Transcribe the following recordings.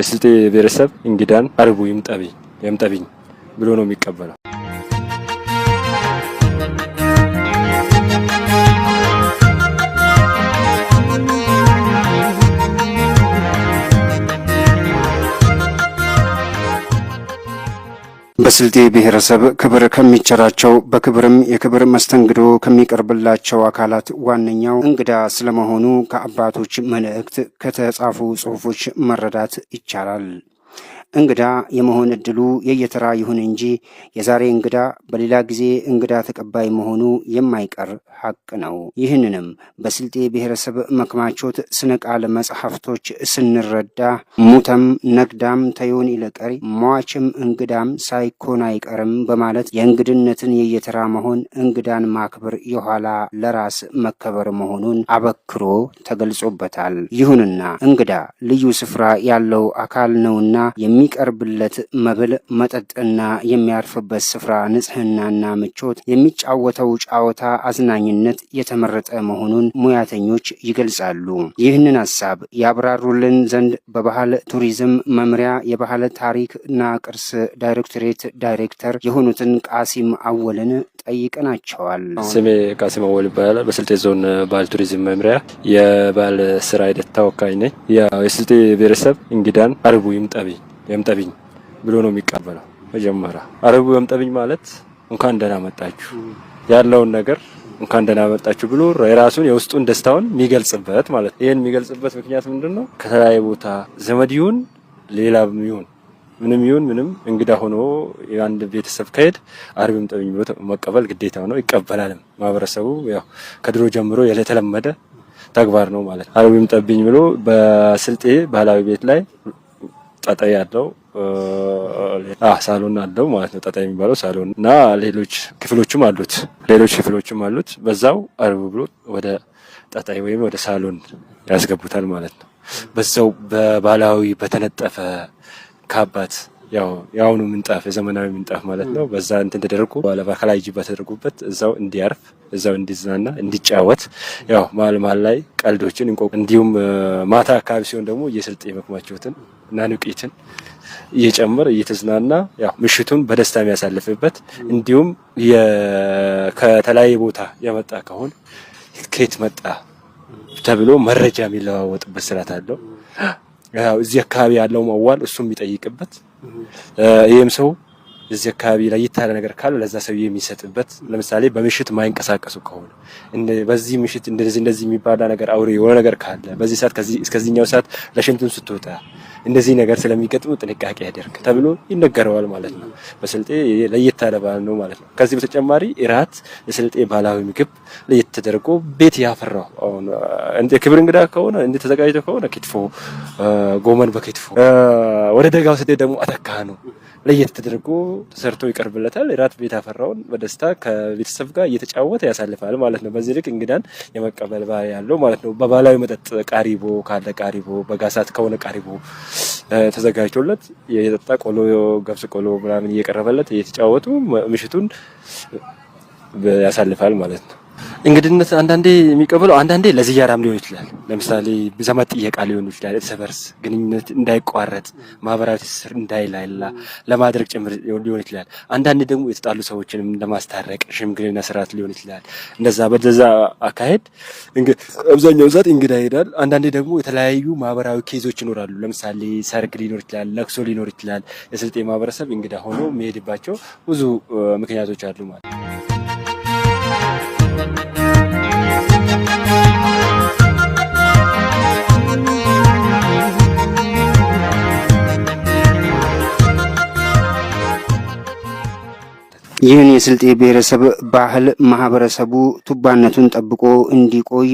የስልጤ ብሔረሰብ እንግዳን አርቡ ይምጠብኝ ብሎ ነው የሚቀበለው። በስልጤ ብሔረሰብ ክብር ከሚቸራቸው በክብርም የክብር መስተንግዶ ከሚቀርብላቸው አካላት ዋነኛው እንግዳ ስለመሆኑ ከአባቶች መልእክት ከተጻፉ ጽሑፎች መረዳት ይቻላል። እንግዳ የመሆን እድሉ የየተራ ይሁን እንጂ የዛሬ እንግዳ በሌላ ጊዜ እንግዳ ተቀባይ መሆኑ የማይቀር ሀቅ ነው። ይህንንም በስልጤ ብሔረሰብ መክማቾት ስነ ቃል መጽሐፍቶች ስንረዳ ሙተም ነግዳም ተዮን ይለቀሪ ሟችም እንግዳም ሳይኮን አይቀርም በማለት የእንግድነትን የየተራ መሆን እንግዳን ማክበር የኋላ ለራስ መከበር መሆኑን አበክሮ ተገልጾበታል። ይሁንና እንግዳ ልዩ ስፍራ ያለው አካል ነውና የሚ የሚቀርብለት መብል መጠጥና የሚያርፍበት ስፍራ ንጽህናና ምቾት፣ የሚጫወተው ጫወታ አዝናኝነት የተመረጠ መሆኑን ሙያተኞች ይገልጻሉ። ይህንን ሀሳብ ያብራሩልን ዘንድ በባህል ቱሪዝም መምሪያ የባህል ታሪክና ቅርስ ዳይሬክቶሬት ዳይሬክተር የሆኑትን ቃሲም አወልን ጠይቀናቸዋል። ስሜ ቃሲም አወል ይባላል። በስልጤ ዞን ባህል ቱሪዝም መምሪያ የባህል ስራ ሂደት ተወካይ ነኝ። የስልጤ ብሔረሰብ እንግዳን አርቡ ይምጠብኝ የምጠብኝ ብሎ ነው የሚቀበለው። መጀመሪያ አረቡ የምጠብኝ ማለት እንኳን ደህና መጣችሁ ያለውን ነገር እንኳን ደህና መጣችሁ ብሎ የራሱን የውስጡን ደስታውን የሚገልጽበት ማለት ነው። ይህን የሚገልጽበት ምክንያት ምንድን ነው? ከተለያየ ቦታ ዘመድ ይሁን ሌላ ይሁን ምንም ይሁን ምንም እንግዳ ሆኖ የአንድ ቤተሰብ ከሄድ አርብ የምጠብኝ ብሎ መቀበል ግዴታው ነው። ይቀበላልም ማህበረሰቡ ያው ከድሮ ጀምሮ የተለመደ ተግባር ነው ማለት ነው። የምጠብኝ ብሎ በስልጤ ባህላዊ ቤት ላይ ጠጠ ያለው ሳሎን አለው ማለት ነው። ጠጠይ የሚባለው ሳሎን እና ሌሎች ክፍሎችም አሉት ሌሎች ክፍሎችም አሉት። በዛው አርብ ብሎ ወደ ጠጠይ ወይም ወደ ሳሎን ያስገቡታል ማለት ነው። በዛው በባህላዊ በተነጠፈ ካባት ያው የአሁኑ ምንጣፍ የዘመናዊ ምንጣፍ ማለት ነው። በዛ እንትን ተደርጎ ባለባ ከላይ ጅባ ተደርጎበት እዛው እንዲያርፍ እዛው እንዲዝናና እንዲጫወት፣ ያው መሀል መሀል ላይ ቀልዶችን እንቆ እንዲሁም ማታ አካባቢ ሲሆን ደግሞ እየስልጥ የመክማቸውትን እና ንቂትን እየጨመር እየተዝናና ያው ምሽቱን በደስታ የሚያሳልፍበት እንዲሁም ከተለያየ ቦታ የመጣ ከሆን ከየት መጣ ተብሎ መረጃ የሚለዋወጥበት ስርዓት አለው። እዚህ አካባቢ ያለው መዋል እሱም የሚጠይቅበት ይህም ሰው እዚህ አካባቢ ላይ የታለ ነገር ካለ ለዛ ሰው የሚሰጥበት ለምሳሌ በምሽት ማይንቀሳቀሱ ከሆነ በዚህ ምሽት እንደዚህ እንደዚህ የሚባላ ነገር አውሬ የሆነ ነገር ካለ በዚህ ሰዓት ከዚህ እስከዚህኛው ሰዓት ለሽንቱን ስትወጣ እንደዚህ ነገር ስለሚገጥሙ ጥንቃቄ ያደርግ ተብሎ ይነገረዋል ማለት ነው። በስልጤ ለየት ያለ ባህል ነው ማለት ነው። ከዚህ በተጨማሪ እራት የስልጤ ባህላዊ ምግብ ለየት ተደርጎ ቤት ያፈራው ክብር እንግዳ ከሆነ እንደ ተዘጋጅቶ ከሆነ ክትፎ፣ ጎመን በክትፎ ወደ ደጋው ስደት ደግሞ አተካ ነው ለየት ተደርጎ ተሰርቶ ይቀርብለታል። ራት ቤት ያፈራውን በደስታ ከቤተሰብ ጋር እየተጫወተ ያሳልፋል ማለት ነው። በዚህ ልክ እንግዳን የመቀበል ባህል ያለው ማለት ነው። በባህላዊ መጠጥ ቃሪቦ ካለ ቃሪቦ፣ በጋሳት ከሆነ ቃሪቦ ተዘጋጅቶለት የጠጣ ቆሎ፣ ገብስ ቆሎ ምናምን እየቀረበለት እየተጫወቱ ምሽቱን ያሳልፋል ማለት ነው። እንግድነት አንዳንዴ የሚቀበለው አንዳንዴ ለዝያራም ሊሆን ይችላል። ለምሳሌ ዘመድ ጥየቃ ሊሆን ይችላል። እርስ በርስ ግንኙነት እንዳይቋረጥ ማህበራዊ ትስስር እንዳይላላ ለማድረግ ጭምር ሊሆን ይችላል። አንዳንዴ ደግሞ የተጣሉ ሰዎችንም ለማስታረቅ ሽምግልና ስርዓት ሊሆን ይችላል። እንደዛ በዛ አካሄድ አብዛኛው ሰዓት እንግዳ ይሄዳል። አንዳንዴ ደግሞ የተለያዩ ማህበራዊ ኬዞች ይኖራሉ። ለምሳሌ ሰርግ ሊኖር ይችላል፣ ለቅሶ ሊኖር ይችላል። የስልጤ ማህበረሰብ እንግዳ ሆኖ የሚሄድባቸው ብዙ ምክንያቶች አሉ ማለት ነው። ይህን የስልጤ ብሔረሰብ ባህል ማህበረሰቡ ቱባነቱን ጠብቆ እንዲቆይ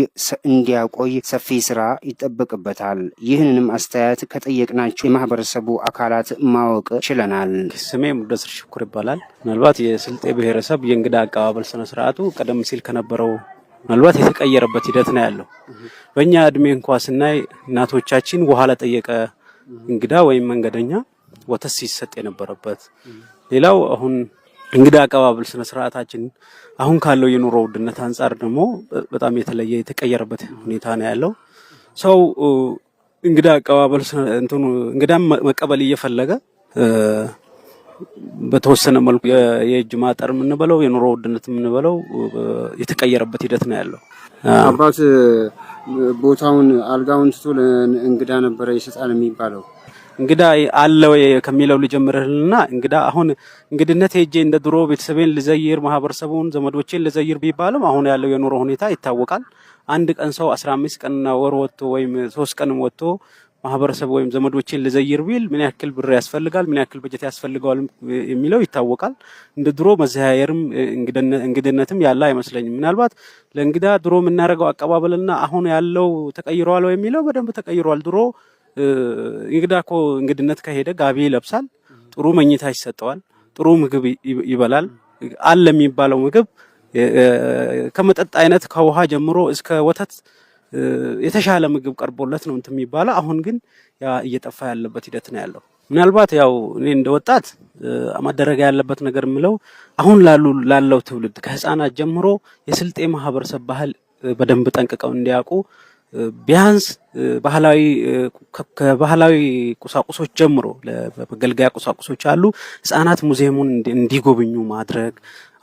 እንዲያቆይ ሰፊ ስራ ይጠበቅበታል። ይህንንም አስተያየት ከጠየቅናቸው የማህበረሰቡ አካላት ማወቅ ችለናል። ስሜ ሙደስር ሽኩር ይባላል። ምናልባት የስልጤ ብሔረሰብ የእንግዳ አቀባበል ስነስርዓቱ ቀደም ሲል ከነበረው ምናልባት የተቀየረበት ሂደት ነው ያለው። በእኛ እድሜ እንኳ ስናይ እናቶቻችን ውሃ ለጠየቀ እንግዳ ወይም መንገደኛ ወተት ሲሰጥ የነበረበት ሌላው አሁን እንግዳ አቀባበል ስነ ስርዓታችን አሁን ካለው የኑሮ ውድነት አንጻር ደግሞ በጣም የተለየ የተቀየረበት ሁኔታ ነው ያለው። ሰው እንግዳ አቀባበል እንትኑ እንግዳ መቀበል እየፈለገ በተወሰነ መልኩ የእጅ ማጠር የምንበለው የኑሮ ውድነት የምንበለው የተቀየረበት ሂደት ነው ያለው። አባት ቦታውን አልጋውን ትቶ ለእንግዳ ነበረ ይሰጣል የሚባለው እንግዳ አለ ወይ ከሚለው ልጀምርልና እንግዳ አሁን እንግድነት ሄጄ እንደ ድሮ ቤተሰቤን ልዘይር ማህበረሰቡን ዘመዶቼን ልዘይር ቢባልም አሁን ያለው የኑሮ ሁኔታ ይታወቃል። አንድ ቀን ሰው አስራ አምስት ቀንና ወር ወጥቶ ወይም ሶስት ቀን ወጥቶ ማህበረሰብ ወይም ዘመዶችን ልዘይር ቢል ምን ያክል ብር ያስፈልጋል፣ ምን ያክል በጀት ያስፈልገዋል የሚለው ይታወቃል። እንደ ድሮ መዘያየርም እንግድነትም ያለ አይመስለኝም። ምናልባት ለእንግዳ ድሮ የምናደርገው አቀባበልና አሁን ያለው ተቀይሯል የሚለው በደንብ ተቀይሯል። ድሮ እንግዳ እኮ እንግድነት ከሄደ ጋቢ ይለብሳል፣ ጥሩ መኝታ ይሰጠዋል፣ ጥሩ ምግብ ይበላል። አለ የሚባለው ምግብ ከመጠጥ አይነት ከውሃ ጀምሮ እስከ ወተት የተሻለ ምግብ ቀርቦለት ነው እንትን የሚባለው። አሁን ግን ያ እየጠፋ ያለበት ሂደት ነው ያለው። ምናልባት ያው እኔ እንደ ወጣት መደረግ ያለበት ነገር የምለው አሁን ላሉ ላለው ትውልድ ከህፃናት ጀምሮ የስልጤ ማህበረሰብ ባህል በደንብ ጠንቅቀው እንዲያውቁ ቢያንስ ባህላዊ ከባህላዊ ቁሳቁሶች ጀምሮ ለመገልገያ ቁሳቁሶች አሉ። ህጻናት ሙዚየሙን እንዲጎብኙ ማድረግ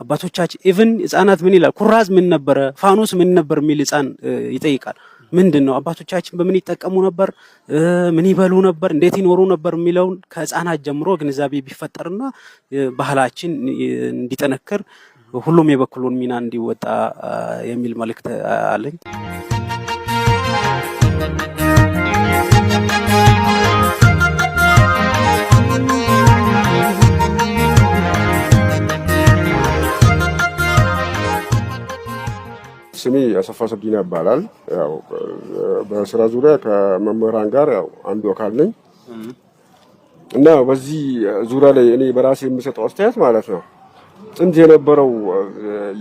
አባቶቻችን ኢቭን ህጻናት ምን ይላል ኩራዝ ምን ነበረ፣ ፋኖስ ምን ነበር የሚል ህጻን ይጠይቃል። ምንድን ነው አባቶቻችን በምን ይጠቀሙ ነበር፣ ምን ይበሉ ነበር፣ እንዴት ይኖሩ ነበር የሚለውን ከህጻናት ጀምሮ ግንዛቤ ቢፈጠርና ባህላችን እንዲጠነክር ሁሉም የበኩሉን ሚና እንዲወጣ የሚል መልእክት አለኝ። ስሜ አሰፋ ሰብዲና ይባላል። ያው በስራ ዙሪያ ከመምህራን ጋር ያው አንዱ አካል ነኝ እና በዚህ ዙሪያ ላይ እኔ በራሴ የምሰጠው አስተያየት ማለት ነው ጥንት የነበረው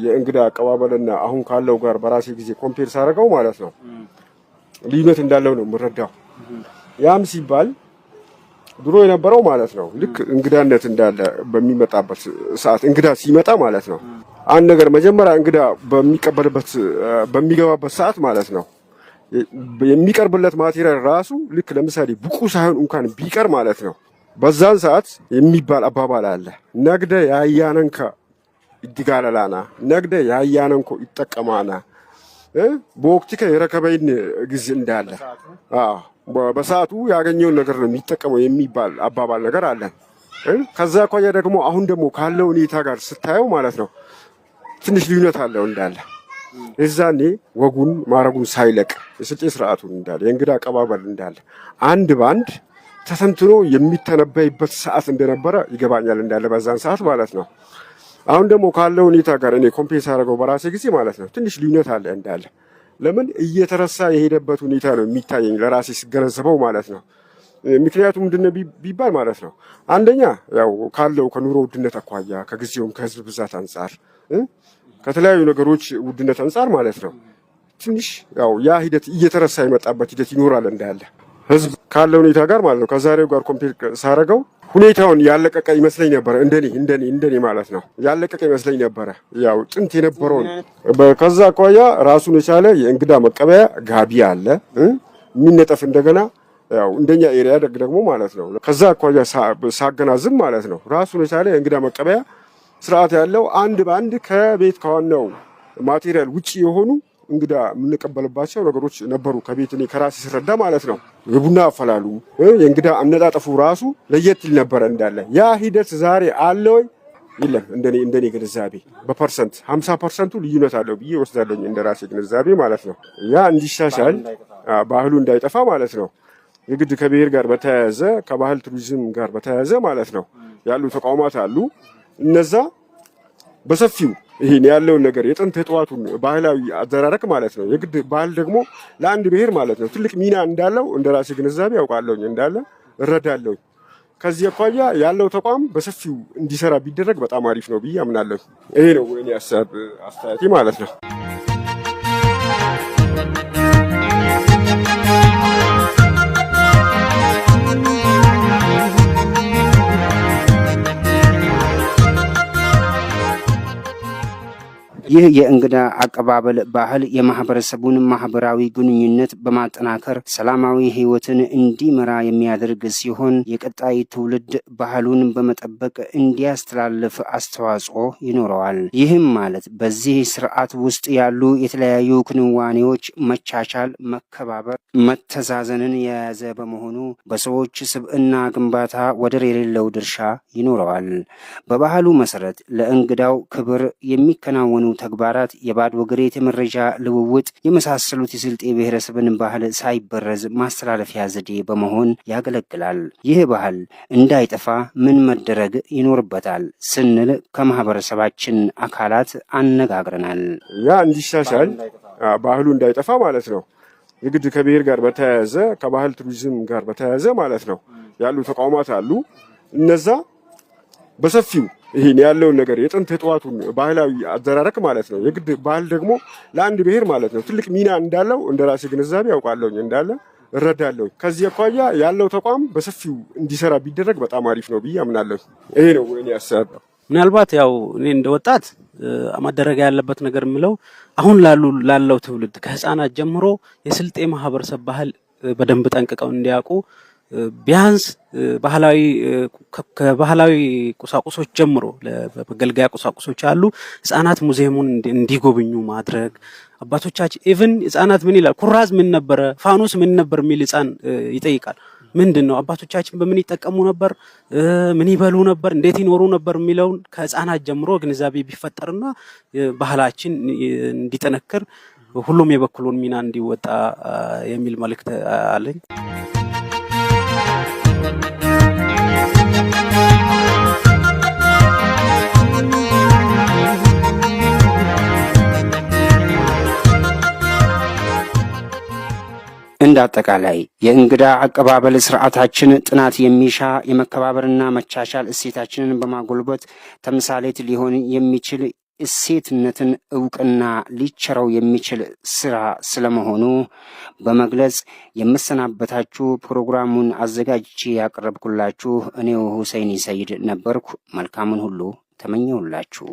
የእንግዳ አቀባበልና አሁን ካለው ጋር በራሴ ጊዜ ኮምፔር ሳደርገው ማለት ነው ልዩነት እንዳለው ነው የምረዳው። ያም ሲባል ድሮ የነበረው ማለት ነው። ልክ እንግዳነት እንዳለ በሚመጣበት ሰዓት እንግዳ ሲመጣ ማለት ነው አንድ ነገር መጀመሪያ እንግዳ በሚቀበልበት በሚገባበት ሰዓት ማለት ነው የሚቀርብለት ማቴሪያል ራሱ ልክ ለምሳሌ ብቁ ሳይሆን እንኳን ቢቀር ማለት ነው በዛን ሰዓት የሚባል አባባል አለ። ነግደ ያያነንከ ይጋለላና ነግደ ያያነንኮ ይጠቀማና በወቅቲከ የረከበይን ጊዜ እንዳለ በሰዓቱ ያገኘውን ነገር ነው የሚጠቀመው የሚባል አባባል ነገር አለ። ከዛ አኳያ ደግሞ አሁን ደግሞ ካለው ሁኔታ ጋር ስታየው ማለት ነው ትንሽ ልዩነት አለው እንዳለ የዛኔ ወጉን ማረጉን ሳይለቅ የስልጤ ስርዓቱን እንዳለ የእንግዳ አቀባበል እንዳለ አንድ በአንድ ተተንትኖ የሚተነበይበት ሰዓት እንደነበረ ይገባኛል እንዳለ በዛን ሰዓት ማለት ነው። አሁን ደግሞ ካለው ሁኔታ ጋር እኔ ኮምፔንስ ያደረገው በራሴ ጊዜ ማለት ነው ትንሽ ልዩነት አለ እንዳለ ለምን እየተረሳ የሄደበት ሁኔታ ነው የሚታየኝ ለራሴ ስገነዘበው ማለት ነው። ምክንያቱ ምንድነ ቢባል ማለት ነው አንደኛ ያው ካለው ከኑሮ ውድነት አኳያ ከጊዜውም ከህዝብ ብዛት አንጻር ከተለያዩ ነገሮች ውድነት አንጻር ማለት ነው ትንሽ ያው ያ ሂደት እየተረሳ የመጣበት ሂደት ይኖራል እንዳለ ህዝብ ካለ ሁኔታ ጋር ማለት ነው ከዛሬው ጋር ኮምፔር ሳረገው ሁኔታውን ያለቀቀ ይመስለኝ ነበረ። እንደኔ እንደኔ እንደኔ ማለት ነው ያለቀቀ ይመስለኝ ነበረ። ያው ጥንት የነበረውን ከዛ አኳያ ራሱን የቻለ የእንግዳ መቀበያ ጋቢ አለ የሚነጠፍ እንደገና ያው እንደኛ ኤሪያ ደግ ደግሞ ማለት ነው። ከዛ አኳያ ሳገናዝም ማለት ነው ራሱን የቻለ የእንግዳ መቀበያ ስርዓት ያለው አንድ በአንድ ከቤት ከዋናው ማቴሪያል ውጭ የሆኑ እንግዳ የምንቀበልባቸው ነገሮች ነበሩ። ከቤት እኔ ከራሴ ስረዳ ማለት ነው። የቡና አፈላሉ፣ የእንግዳ አነጣጠፉ ራሱ ለየት ይል ነበረ እንዳለ ያ ሂደት ዛሬ አለወኝ የለም እንደኔ እንደኔ ግንዛቤ በፐርሰንት ሀምሳ ፐርሰንቱ ልዩነት አለው ብዬ ወስዳለኝ እንደ ራሴ ግንዛቤ ማለት ነው። ያ እንዲሻሻል ባህሉ እንዳይጠፋ ማለት ነው። የግድ ከብሔር ጋር በተያያዘ ከባህል ቱሪዝም ጋር በተያያዘ ማለት ነው ያሉ ተቋማት አሉ። እነዛ በሰፊው ይህን ያለውን ነገር የጥንት የጠዋቱን ባህላዊ አዘራረቅ ማለት ነው። የግድ ባህል ደግሞ ለአንድ ብሔር ማለት ነው ትልቅ ሚና እንዳለው እንደ ራሴ ግንዛቤ ያውቃለሁኝ እንዳለ እረዳለሁኝ። ከዚህ አኳያ ያለው ተቋም በሰፊው እንዲሰራ ቢደረግ በጣም አሪፍ ነው ብዬ አምናለሁ። ይሄ ነው ወይኔ ሀሳብ አስተያየቴ ማለት ነው። ይህ የእንግዳ አቀባበል ባህል የማህበረሰቡን ማህበራዊ ግንኙነት በማጠናከር ሰላማዊ ህይወትን እንዲመራ የሚያደርግ ሲሆን የቀጣይ ትውልድ ባህሉን በመጠበቅ እንዲያስተላልፍ አስተዋጽኦ ይኖረዋል። ይህም ማለት በዚህ ስርዓት ውስጥ ያሉ የተለያዩ ክንዋኔዎች መቻቻል፣ መከባበር፣ መተዛዘንን የያዘ በመሆኑ በሰዎች ስብዕና ግንባታ ወደር የሌለው ድርሻ ይኖረዋል። በባህሉ መሰረት ለእንግዳው ክብር የሚከናወኑ ተግባራት፣ የባድ ወገሬት የመረጃ ልውውጥ የመሳሰሉት የስልጤ ብሔረሰብን ባህል ሳይበረዝ ማስተላለፊያ ዘዴ በመሆን ያገለግላል። ይህ ባህል እንዳይጠፋ ምን መደረግ ይኖርበታል ስንል ከማህበረሰባችን አካላት አነጋግረናል። ያ እንዲሻሻል ባህሉ እንዳይጠፋ ማለት ነው። የግድ ከብሔር ጋር በተያያዘ ከባህል ቱሪዝም ጋር በተያያዘ ማለት ነው ያሉ ተቋማት አሉ። እነዛ በሰፊው ይህን ያለውን ነገር የጥንት የጠዋቱን ባህላዊ አዘራረቅ ማለት ነው። የግድ ባህል ደግሞ ለአንድ ብሔር ማለት ነው ትልቅ ሚና እንዳለው እንደ ራሴ ግንዛቤ ያውቃለሁኝ እንዳለ እረዳለሁ። ከዚህ አኳያ ያለው ተቋም በሰፊው እንዲሰራ ቢደረግ በጣም አሪፍ ነው ብዬ አምናለሁ። ይሄ ነው እኔ ያሰራ ምናልባት ያው እኔ እንደ ወጣት ማደረግ ያለበት ነገር የምለው አሁን ላሉ ላለው ትውልድ ከህፃናት ጀምሮ የስልጤ ማህበረሰብ ባህል በደንብ ጠንቅቀው እንዲያውቁ ቢያንስ ባህላዊ ከባህላዊ ቁሳቁሶች ጀምሮ መገልገያ ቁሳቁሶች አሉ። ህጻናት ሙዚየሙን እንዲጎብኙ ማድረግ አባቶቻችን ኢቭን ህጻናት ምን ይላል ኩራዝ ምን ነበረ፣ ፋኖስ ምን ነበር የሚል ህጻን ይጠይቃል። ምንድን ነው አባቶቻችን በምን ይጠቀሙ ነበር፣ ምን ይበሉ ነበር፣ እንዴት ይኖሩ ነበር የሚለውን ከህጻናት ጀምሮ ግንዛቤ ቢፈጠርና ባህላችን እንዲጠነክር ሁሉም የበኩሉን ሚና እንዲወጣ የሚል መልእክት አለኝ። እንደ አጠቃላይ የእንግዳ አቀባበል ስርዓታችን ጥናት የሚሻ የመከባበርና መቻቻል እሴታችንን በማጎልበት ተምሳሌት ሊሆን የሚችል እሴትነትን እውቅና ሊቸረው የሚችል ስራ ስለመሆኑ በመግለጽ የምሰናበታችሁ ፕሮግራሙን አዘጋጅቼ ያቀረብኩላችሁ እኔው ሁሴይን ሰይድ ነበርኩ። መልካምን ሁሉ ተመኘውላችሁ።